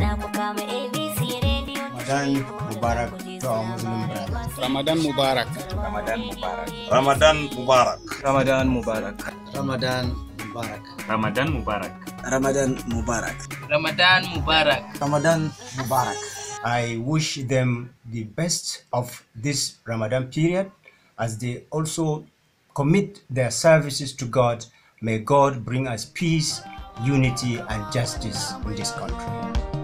Ramadan Mubarak to our Muslim brothers. Ramadan Mubarak. Ramadan Mubarak. Ramadan Mubarak. Ramadan Mubarak. Ramadan Mubarak. Ramadan Mubarak. Ramadan Mubarak. Ramadan Mubarak. Ramadan Mubarak. I wish them the best of this Ramadan period as they also commit their services to God. May God bring us peace, unity, and justice in this country.